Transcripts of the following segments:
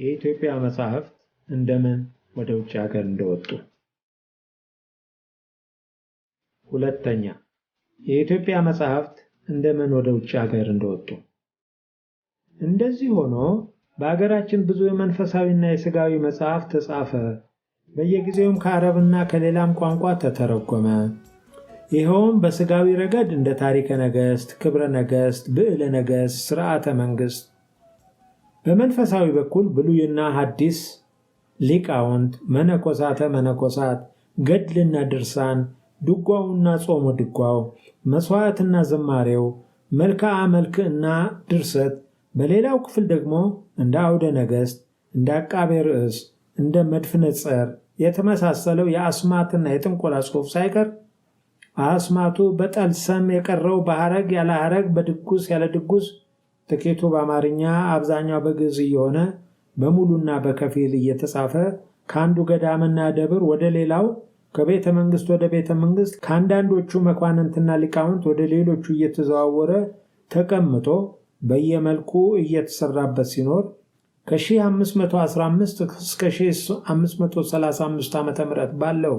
የኢትዮጵያ መጻሕፍት እንደምን ወደ ውጭ ሀገር እንደወጡ። ሁለተኛ የኢትዮጵያ መጻሕፍት እንደምን ወደ ውጭ ሀገር እንደወጡ። እንደዚህ ሆኖ በአገራችን ብዙ የመንፈሳዊና የሥጋዊ መጽሐፍ ተጻፈ። በየጊዜውም ከአረብና ከሌላም ቋንቋ ተተረጎመ። ይኸውም በሥጋዊ ረገድ እንደ ታሪከ ነገሥት፣ ክብረ ነገሥት፣ ብዕለ ነገሥት፣ ሥርዓተ መንግሥት በመንፈሳዊ በኩል ብሉይና ሐዲስ ሊቃውንት፣ መነኮሳተ መነኮሳት፣ ገድልና ድርሳን፣ ድጓውና ጾመ ድጓው፣ መሥዋዕትና ዘማሬው፣ መልክዓ መልክዕና ድርሰት፣ በሌላው ክፍል ደግሞ እንደ አውደ ነገሥት፣ እንደ አቃቤ ርዕስ፣ እንደ መድፍነ ጸር የተመሳሰለው የአስማትና የጥንቆላ ጽሑፍ ሳይቀር አስማቱ በጠልሰም የቀረው በሐረግ ያለ ሐረግ በድጉስ ያለ ድጉስ ጥቂቱ በአማርኛ አብዛኛው በግዕዝ እየሆነ በሙሉና በከፊል እየተጻፈ ከአንዱ ገዳምና ደብር ወደ ሌላው ከቤተ መንግስት ወደ ቤተ መንግስት ከአንዳንዶቹ መኳንንትና ሊቃውንት ወደ ሌሎቹ እየተዘዋወረ ተቀምጦ በየመልኩ እየተሰራበት ሲኖር ከ1515 እስከ 1535 ዓ ም ባለው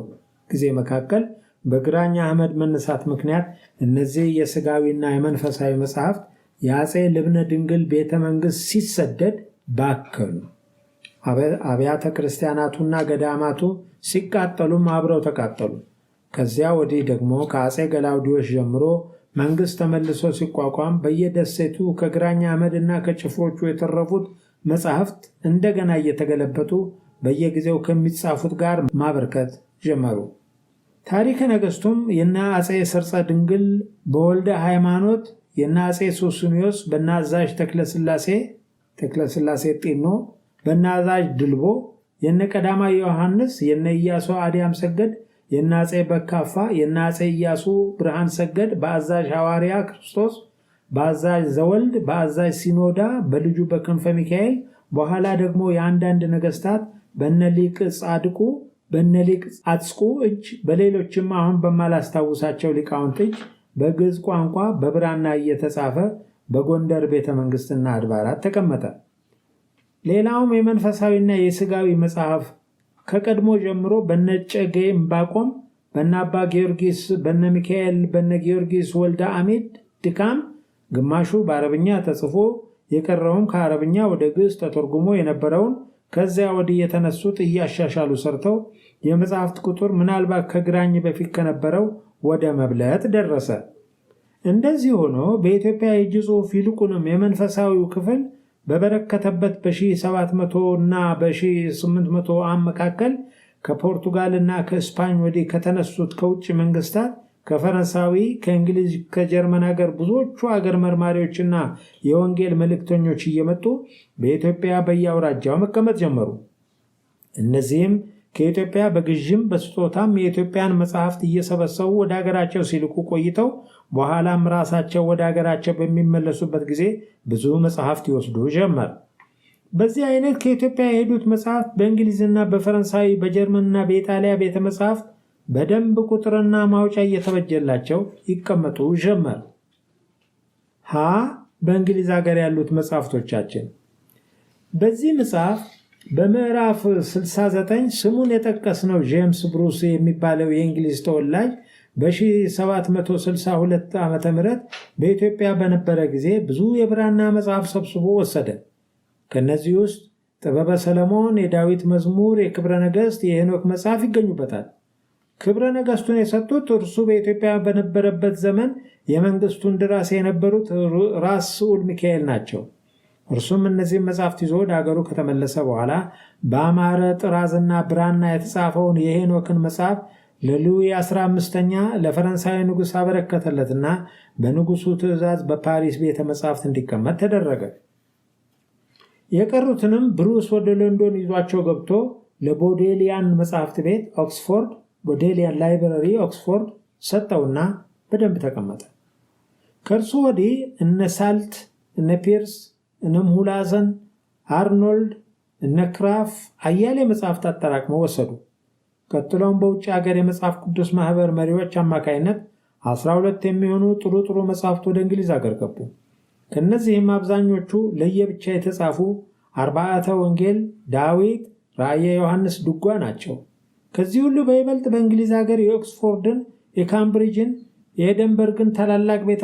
ጊዜ መካከል በግራኝ አህመድ መነሳት ምክንያት እነዚህ የስጋዊና የመንፈሳዊ መጽሐፍት የአጼ ልብነ ድንግል ቤተ መንግስት ሲሰደድ ባከሉ። አብያተ ክርስቲያናቱና ገዳማቱ ሲቃጠሉም አብረው ተቃጠሉ። ከዚያ ወዲህ ደግሞ ከአጼ ገላውዲዮስ ጀምሮ መንግስት ተመልሶ ሲቋቋም በየደሴቱ ከግራኝ አመድ እና ከጭፍሮቹ የተረፉት መጻሕፍት እንደገና እየተገለበጡ በየጊዜው ከሚጻፉት ጋር ማበርከት ጀመሩ። ታሪከ ነገስቱም የነ አጼ ሰርፀ ድንግል በወልደ ሃይማኖት የእነ አጼ ሱስንዮስ በእነ አዛዥ ተክለስላሴ ተክለስላሴ ጢኖ በእነ አዛዥ ድልቦ የነ ቀዳማ ዮሐንስ የነ እያሱ አዲያም ሰገድ የነ አጼ በካፋ የነ እያሱ ብርሃን ሰገድ በአዛዥ ሐዋርያ ክርስቶስ በአዛዥ ዘወልድ በአዛዥ ሲኖዳ በልጁ በክንፈ ሚካኤል በኋላ ደግሞ የአንዳንድ ነገስታት በነሊቅ ጻድቁ በነሊቅ አጽቁ እጅ በሌሎችም አሁን በማላስታውሳቸው ሊቃውንት እጅ በግዕዝ ቋንቋ በብራና እየተጻፈ በጎንደር ቤተ መንግስትና አድባራት ተቀመጠ። ሌላውም የመንፈሳዊና የስጋዊ መጽሐፍ ከቀድሞ ጀምሮ በነጨጌ እምባቆም፣ አባ ጊዮርጊስ፣ በነ ሚካኤል፣ በነ ጊዮርጊስ ወልደ አሚድ ድካም ግማሹ በአረብኛ ተጽፎ የቀረውም ከአረብኛ ወደ ግዕዝ ተተርጉሞ የነበረውን ከዚያ ወዲህ የተነሱት እያሻሻሉ ሰርተው የመጽሐፍት ቁጥር ምናልባት ከግራኝ በፊት ከነበረው ወደ መብለጥ ደረሰ። እንደዚህ ሆኖ በኢትዮጵያ የእጅ ጽሑፍ ይልቁንም የመንፈሳዊው ክፍል በበረከተበት በ1700 እና በ1800 ዓ.ም መካከል ከፖርቱጋልና ከስፓኝ ወዲህ ከተነሱት ከውጭ መንግስታት ከፈረንሳዊ፣ ከእንግሊዝ፣ ከጀርመን ሀገር ብዙዎቹ ሀገር መርማሪዎችና የወንጌል መልእክተኞች እየመጡ በኢትዮጵያ በየአውራጃው መቀመጥ ጀመሩ። እነዚህም ከኢትዮጵያ በግዥም በስጦታም የኢትዮጵያን መጽሐፍት እየሰበሰቡ ወደ አገራቸው ሲልኩ ቆይተው በኋላም ራሳቸው ወደ አገራቸው በሚመለሱበት ጊዜ ብዙ መጽሐፍት ይወስዱ ጀመር። በዚህ አይነት ከኢትዮጵያ የሄዱት መጽሐፍት በእንግሊዝና በፈረንሳዊ በጀርመንና በኢጣሊያ ቤተ መጽሐፍት በደንብ ቁጥርና ማውጫ እየተበጀላቸው ይቀመጡ ጀመር። ሀ በእንግሊዝ ሀገር ያሉት መጽሐፍቶቻችን በዚህ መጽሐፍ በምዕራፍ 69 ስሙን የጠቀስነው ጄምስ ብሩስ የሚባለው የእንግሊዝ ተወላጅ በ1762 ዓ ም በኢትዮጵያ በነበረ ጊዜ ብዙ የብራና መጽሐፍ ሰብስቦ ወሰደ። ከእነዚህ ውስጥ ጥበበ ሰለሞን፣ የዳዊት መዝሙር፣ የክብረ ነገሥት፣ የሄኖክ መጽሐፍ ይገኙበታል። ክብረ ነገሥቱን የሰጡት እርሱ በኢትዮጵያ በነበረበት ዘመን የመንግስቱን ድራሴ የነበሩት ራስ ስዑል ሚካኤል ናቸው። እርሱም እነዚህም መጽሐፍት ይዞ ወደ አገሩ ከተመለሰ በኋላ በአማረ ጥራዝና ብራና የተጻፈውን የሄኖክን መጽሐፍ ለሉዊ 15ኛ ለፈረንሳዊ ንጉሥ አበረከተለትና በንጉሱ ትእዛዝ በፓሪስ ቤተ መጽሐፍት እንዲቀመጥ ተደረገ። የቀሩትንም ብሩስ ወደ ሎንዶን ይዟቸው ገብቶ ለቦዴሊያን መጽሐፍት ቤት ኦክስፎርድ ቦዴሊያን ላይብረሪ ኦክስፎርድ ሰጠውና በደንብ ተቀመጠ። ከእርሱ ወዲህ እነ ሳልት እነ ፒርስ እነ አርኖልድ፣ እነ ክራፍ አያሌ መጽሐፍት አጠራቅመው ወሰዱ። ቀጥለውም በውጭ ሀገር የመጽሐፍ ቅዱስ ማህበር መሪዎች አማካይነት 12 የሚሆኑ ጥሩ ጥሩ መጽሐፍት ወደ እንግሊዝ አገር ገቡ። ከእነዚህም አብዛኞቹ ለየብቻ የተጻፉ አርባዕተ ወንጌል፣ ዳዊት፣ ራእየ ዮሐንስ ድጓ ናቸው። ከዚህ ሁሉ በይበልጥ በእንግሊዝ ሀገር የኦክስፎርድን፣ የካምብሪጅን የኤደንበርግን ግን ታላላቅ ቤተ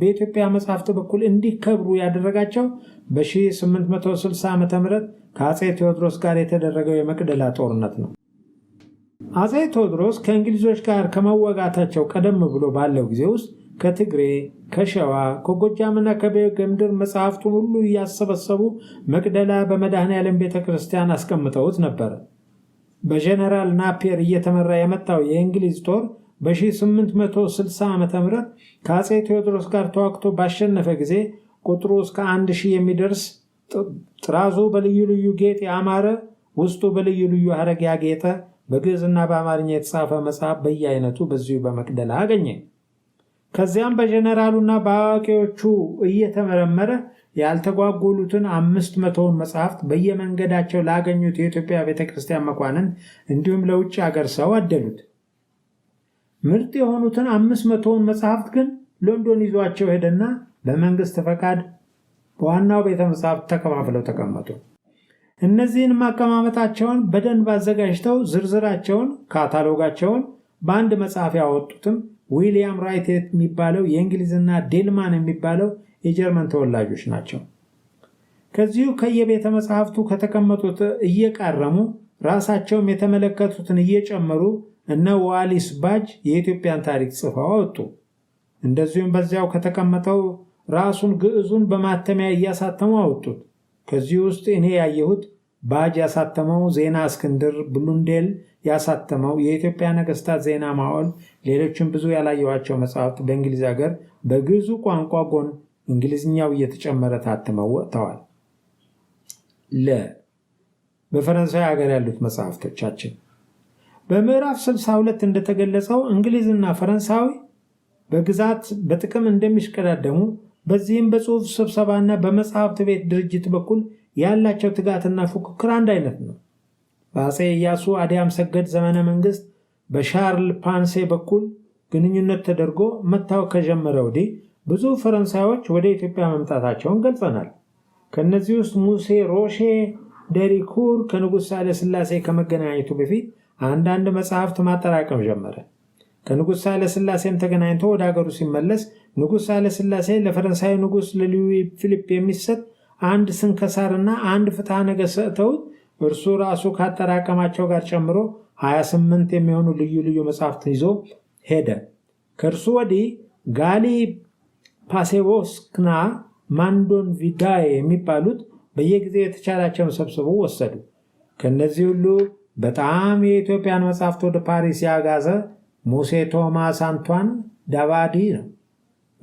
በኢትዮጵያ መጻሕፍት በኩል እንዲከብሩ ያደረጋቸው በ 860 ዓ ም ከአፄ ቴዎድሮስ ጋር የተደረገው የመቅደላ ጦርነት ነው። አፄ ቴዎድሮስ ከእንግሊዞች ጋር ከመወጋታቸው ቀደም ብሎ ባለው ጊዜ ውስጥ ከትግሬ፣ ከሸዋ፣ ከጎጃምና ከቤገምድር መጽሐፍቱን ሁሉ እያሰበሰቡ መቅደላ በመድኃኔ ዓለም ቤተ ክርስቲያን አስቀምጠውት ነበር። በጀነራል ናፔር እየተመራ የመጣው የእንግሊዝ ጦር በ860 ዓ ም ከአፄ ቴዎድሮስ ጋር ተዋግቶ ባሸነፈ ጊዜ ቁጥሩ እስከ 1000 የሚደርስ ጥራዙ በልዩ ልዩ ጌጥ ያማረ ውስጡ በልዩ ልዩ አረግ ያጌጠ በግዕዝና በአማርኛ የተጻፈ መጽሐፍ በየአይነቱ በዚሁ በመቅደላ አገኘ። ከዚያም በጀነራሉና በአዋቂዎቹ እየተመረመረ ያልተጓጎሉትን አምስት መቶውን መጽሐፍት በየመንገዳቸው ላገኙት የኢትዮጵያ ቤተክርስቲያን መኳንን እንዲሁም ለውጭ አገር ሰው አደሉት። ምርጥ የሆኑትን አምስት መቶውን መጽሐፍት ግን ሎንዶን ይዟቸው ሄደና በመንግስት ፈቃድ በዋናው ቤተ መጽሐፍት ተከፋፍለው ተቀመጡ። እነዚህን አቀማመጣቸውን በደንብ አዘጋጅተው ዝርዝራቸውን ካታሎጋቸውን በአንድ መጽሐፍ ያወጡትም ዊሊያም ራይት የሚባለው የእንግሊዝና ዴልማን የሚባለው የጀርመን ተወላጆች ናቸው። ከዚሁ ከየቤተ መጽሐፍቱ ከተቀመጡት እየቃረሙ ራሳቸውም የተመለከቱትን እየጨመሩ እነ ዋሊስ ባጅ የኢትዮጵያን ታሪክ ጽፈው ወጡ። እንደዚሁም በዚያው ከተቀመጠው ራሱን ግዕዙን በማተሚያ እያሳተሙ አወጡት። ከዚህ ውስጥ እኔ ያየሁት ባጅ ያሳተመው ዜና እስክንድር፣ ብሉንዴል ያሳተመው የኢትዮጵያ ነገስታት ዜና ማዋል፣ ሌሎችም ብዙ ያላየኋቸው መጽሐፍት በእንግሊዝ ሀገር በግዕዙ ቋንቋ ጎን እንግሊዝኛው እየተጨመረ ታትመው ወጥተዋል። ለ በፈረንሳይ ሀገር ያሉት መጽሐፍቶቻችን በምዕራፍ 62 እንደተገለጸው እንግሊዝና ፈረንሳዊ በግዛት በጥቅም እንደሚሽቀዳደሙ በዚህም በጽሑፍ ስብሰባና በመጽሐፍት ቤት ድርጅት በኩል ያላቸው ትጋትና ፉክክር አንድ አይነት ነው። በአፄ ኢያሱ አዲያም ሰገድ ዘመነ መንግስት በሻርል ፓንሴ በኩል ግንኙነት ተደርጎ መታወቅ ከጀመረ ወዲህ ብዙ ፈረንሳዮች ወደ ኢትዮጵያ መምጣታቸውን ገልጸናል። ከእነዚህ ውስጥ ሙሴ ሮሼ ደሪኩር ከንጉሥ ሳህለ ሥላሴ ከመገናኘቱ በፊት አንዳንድ መጽሐፍት ማጠራቀም ጀመረ። ከንጉሥ ኃይለሥላሴም ተገናኝቶ ወደ አገሩ ሲመለስ ንጉሥ ኃይለሥላሴ ለፈረንሳይ ንጉሥ ለልዊ ፊሊፕ የሚሰጥ አንድ ስንከሳርና አንድ ፍትሐ ነገሥት ሰጥተውት እርሱ ራሱ ካጠራቀማቸው ጋር ጨምሮ 28 የሚሆኑ ልዩ ልዩ መጽሐፍት ይዞ ሄደ። ከእርሱ ወዲህ ጋሊ ፓሴቦስክና ማንዶን ቪዳ የሚባሉት በየጊዜው የተቻላቸውን ሰብስበው ወሰዱ። ከእነዚህ ሁሉ በጣም የኢትዮጵያን መጽሐፍት ወደ ፓሪስ ያጋዘ ሙሴ ቶማስ አንቷን ዳባዲ ነው።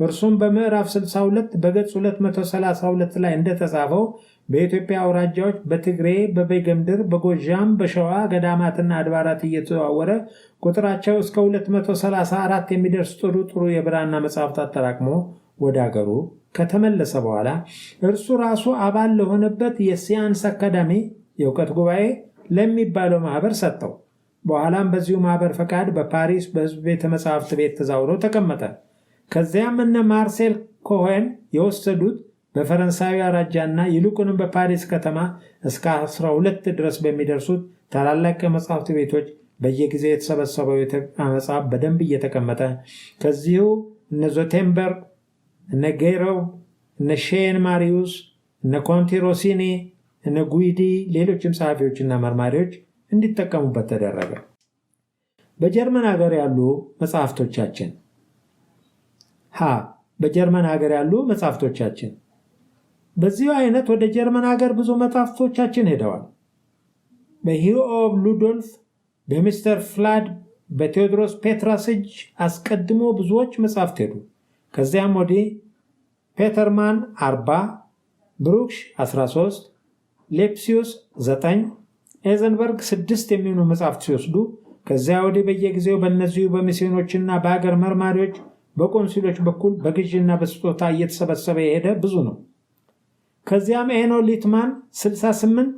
እርሱም በምዕራፍ 62 በገጽ 232 ላይ እንደተጻፈው በኢትዮጵያ አውራጃዎች በትግሬ፣ በበጌምድር፣ በጎዣም በሸዋ ገዳማትና አድባራት እየተዘዋወረ ቁጥራቸው እስከ 234 የሚደርስ ጥሩ ጥሩ የብራና መጽሐፍት አጠራቅሞ ወደ አገሩ ከተመለሰ በኋላ እርሱ ራሱ አባል ለሆነበት የሲያንስ አካዳሚ የእውቀት ጉባኤ ለሚባለው ማህበር ሰጠው። በኋላም በዚሁ ማህበር ፈቃድ በፓሪስ በህዝብ ቤተ መጽሐፍት ቤት ተዛውሮ ተቀመጠ። ከዚያም እነ ማርሴል ኮሄን የወሰዱት በፈረንሳዊ አራጃና ይልቁንም በፓሪስ ከተማ እስከ 12 ድረስ በሚደርሱት ታላላቅ የመጽሐፍት ቤቶች በየጊዜው የተሰበሰበው መጽሐፍ በደንብ እየተቀመጠ ከዚሁ እነ ዞቴምበርግ፣ እነ ጌረው፣ እነ ሼን ማሪዩስ፣ እነ ኮንቲ ሮሲኒ እነ ጉይዲ ሌሎችም ጸሐፊዎችና መርማሪዎች እንዲጠቀሙበት ተደረገ። በጀርመን ሀገር ያሉ መጽሐፍቶቻችን ሀ በጀርመን ሀገር ያሉ መጽሐፍቶቻችን በዚሁ አይነት ወደ ጀርመን ሀገር ብዙ መጽሐፍቶቻችን ሄደዋል። በሂዮብ ሉዶልፍ፣ በሚስተር ፍላድ፣ በቴዎድሮስ ፔትራስ እጅ አስቀድሞ ብዙዎች መጽሐፍት ሄዱ። ከዚያም ወዲህ ፔተርማን 40፣ ብሩክሽ 13 ሌፕሲዮስ ዘጠኝ ኤዘንበርግ ስድስት የሚሆኑ መጽሐፍት ሲወስዱ ከዚያ ወዲህ በየጊዜው በእነዚሁ በሚስዮኖችና በአገር መርማሪዎች በቆንሲሎች በኩል በግዥና በስጦታ እየተሰበሰበ የሄደ ብዙ ነው። ከዚያም ኤኖ ሊትማን 68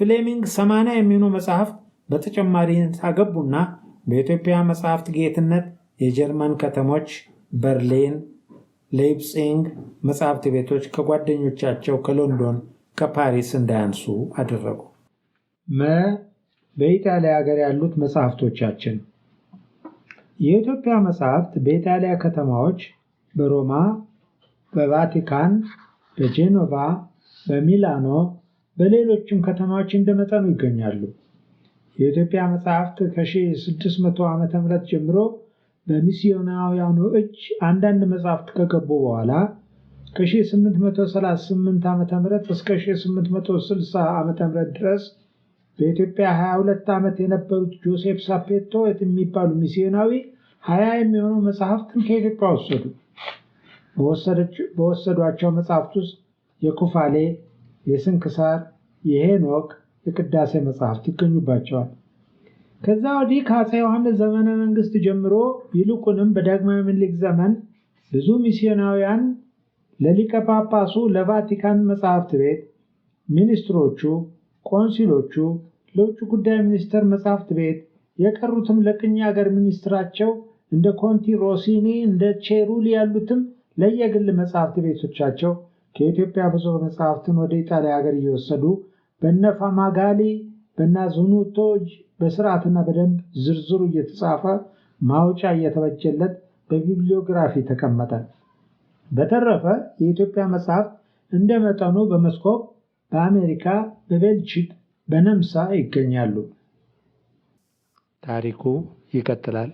ፍሌሚንግ 80 የሚሆኑ መጽሐፍት በተጨማሪ አገቡና በኢትዮጵያ መጽሐፍት ጌትነት የጀርመን ከተሞች በርሊን፣ ሌፕሲንግ መጽሐፍት ቤቶች ከጓደኞቻቸው ከሎንዶን ከፓሪስ እንዳያንሱ አደረጉ። መ በኢጣሊያ ሀገር ያሉት መጽሐፍቶቻችን የኢትዮጵያ መጽሐፍት በኢጣሊያ ከተማዎች በሮማ፣ በቫቲካን፣ በጄኖቫ፣ በሚላኖ፣ በሌሎችም ከተማዎች እንደመጠኑ ይገኛሉ። የኢትዮጵያ መጽሐፍት ከ1600 ም ጀምሮ በሚስዮናውያኑ እጅ አንዳንድ መጽሐፍት ከገቡ በኋላ ከ1838 ዓ.ም እስከ 1860 ዓ.ም ድረስ በኢትዮጵያ 22 ዓመት የነበሩት ጆሴፍ ሳፔቶ የሚባሉ ሚስዮናዊ ሀያ የሚሆኑ መጽሐፍትን ከኢትዮጵያ ወሰዱ። በወሰዷቸው መጽሐፍት ውስጥ የኩፋሌ፣ የስንክሳር፣ የሄኖክ፣ የቅዳሴ መጽሐፍት ይገኙባቸዋል። ከዛ ወዲህ ከአፄ ዮሐንስ ዘመነ መንግስት ጀምሮ ይልቁንም በዳግማዊ ምኒልክ ዘመን ብዙ ሚስዮናውያን ለሊቀ ጳጳሱ ለቫቲካን መጽሐፍት ቤት ሚኒስትሮቹ፣ ቆንሲሎቹ፣ ለውጭ ጉዳይ ሚኒስቴር መጽሐፍት ቤት የቀሩትም ለቅኝ ሀገር ሚኒስትራቸው እንደ ኮንቲ ሮሲኒ፣ እንደ ቼሩሊ ያሉትም ለየግል መጽሐፍት ቤቶቻቸው ከኢትዮጵያ ብዙ መጽሐፍትን ወደ ኢጣሊያ ሀገር እየወሰዱ በነ ፋማጋሊ በነ በስርዓትና በደንብ ዝርዝሩ እየተጻፈ ማውጫ እየተበጀለት በቢብሊዮግራፊ ተቀመጠ። በተረፈ የኢትዮጵያ መጽሐፍት እንደ መጠኑ በመስኮብ በአሜሪካ፣ በቤልጅክ፣ በነምሳ ይገኛሉ። ታሪኩ ይቀጥላል።